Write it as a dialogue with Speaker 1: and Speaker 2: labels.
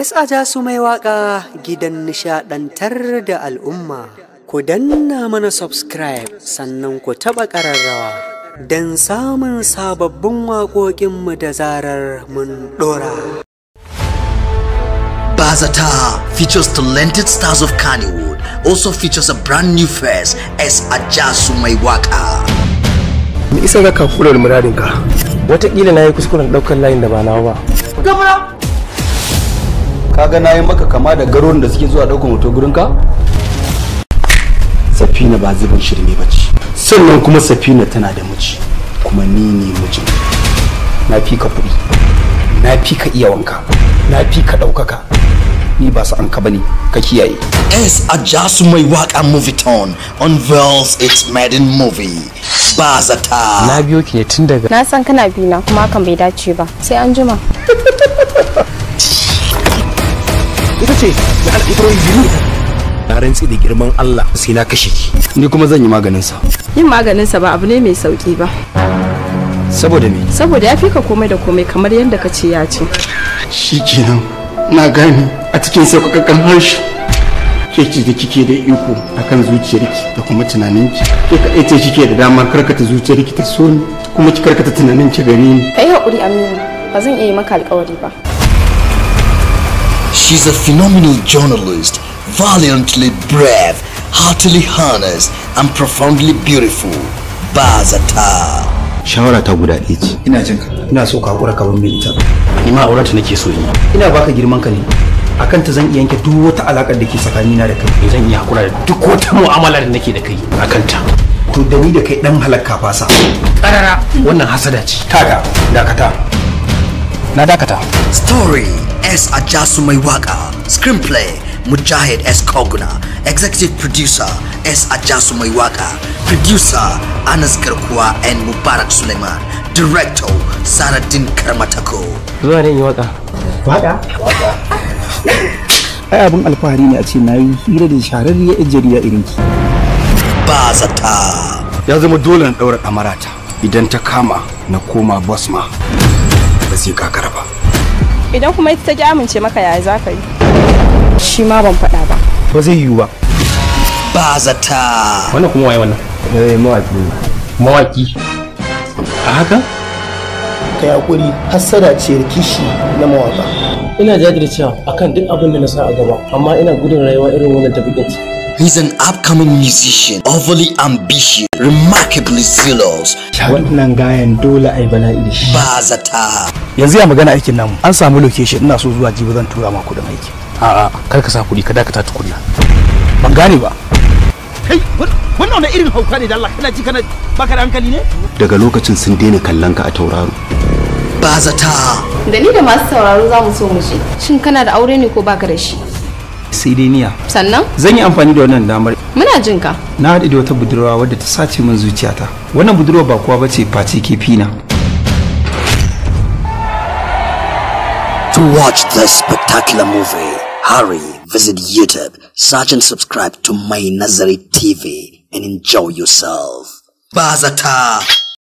Speaker 1: saja su mai waka gidan nishadantar da al'umma. Ku danna mana subscribe sannan ku taɓa ƙararrawa don samun sababbin waƙoƙinmu da zarar mun ɗora. Bazata features talented stars of Kannywood, also features a brand new face as Sumai waka. Ni isa ka kurar muradinka? Wataƙila na yi kuskuren ɗaukar layin da ba nawa ba. Gabara! kaga na yi maka kama da garon da suke zuwa ɗaukar hoto ka? safina ba zubin shirme ba ce sannan kuma safina tana da miji kuma ni ne mijin na fi ka kuɗi na fi ka iya wanka na fi ka ɗaukaka ni ba su an ka bane ka kiyaye S jasu mai waka movie town unveils its maiden movie bazata na biyo ki ne tun daga na san kana bi na kuma hakan bai dace ba sai an jima ita ce da al'ibroyi biyu na rantsi da girman Allah sai na kashe ki ni kuma zan yi maganin sa yin maganin sa ba abu ne mai sauki ba saboda me saboda ya fika komai da komai kamar yadda ka ce ya ce shikenan na gane a cikin kan harshe ke ci da kike da iko akan zuciyarki da kuma tunaninki ke ka ce kike da damar karkata zuciyarki ta so ni kuma ki karkata tunaninki gare ni kai hakuri aminu ba zan iya yi maka alƙawari ba She's a phenomenal journalist, valiantly brave, heartily honest, and profoundly beautiful. Bazata. Shawara ta guda ɗaya ce. Ina jin ka. Ina so ka haƙura ka bar min ita. Ni ma ta nake so yi. Ina baka girman ka ne. akan ta zan iya yanke duk wata alakar da ke tsakanina da kai eh, zan iya hakura da duk wata mu'amala da nake da kai akan ta to da ni da kai dan halakka fasa karara wannan hasada ce kaga dakata na dakata story s ajasu mai waka screenplay mujahid s koguna executive producer s ajasu mai waka producer anas garkuwa and mubarak suleiman director saradin karmatako zuwa ne yi waka waka ai abin alfahari ne a ce na yi hira da shahararriyar yan jarida irin ki ba zata ya zama dole na daura kamarata idan ta kama na koma bosma ba ka gagara ba idan kuma ita ta ki amince maka yaya za ka yi shi ma ban faɗa ba ba zai yiwu ba ba zata wannan kuma waye wannan eh mawaki mawaki a haka ka yakuri hassada ce kishi na mawaka ina jajircewa akan duk abin da na sa a gaba amma ina gudun rayuwa irin wannan tafikin He's an upcoming musician, overly ambitious, remarkably zealous. Wannan gayan dole ai bala'i da shi. Ba zata. Yanzu ya magana aikin namu. An samu location ina so zuwa jibi zan tura ma da aiki. A'a, kar ka sa kuɗi ka dakata kuɗi. Ban gane ba. Kai, wannan wani irin hauka ne da Allah kana ji kana baka da hankali ne? Daga lokacin sun daina kallon ka a tauraro. Ba zata. Da ni da masu sauraro za mu so mu je. Shin kana da aure ne ko baka da shi? sai dai niya sannan zan yi amfani da wannan damar muna jin ka na haɗu da wata budurwa wadda ta sace min zuciyata wannan budurwa ba kowa bace face ke fina To watch this spectacular movie, hurry, visit YouTube, search and subscribe to My Nazari TV and enjoy yourself. Bazata!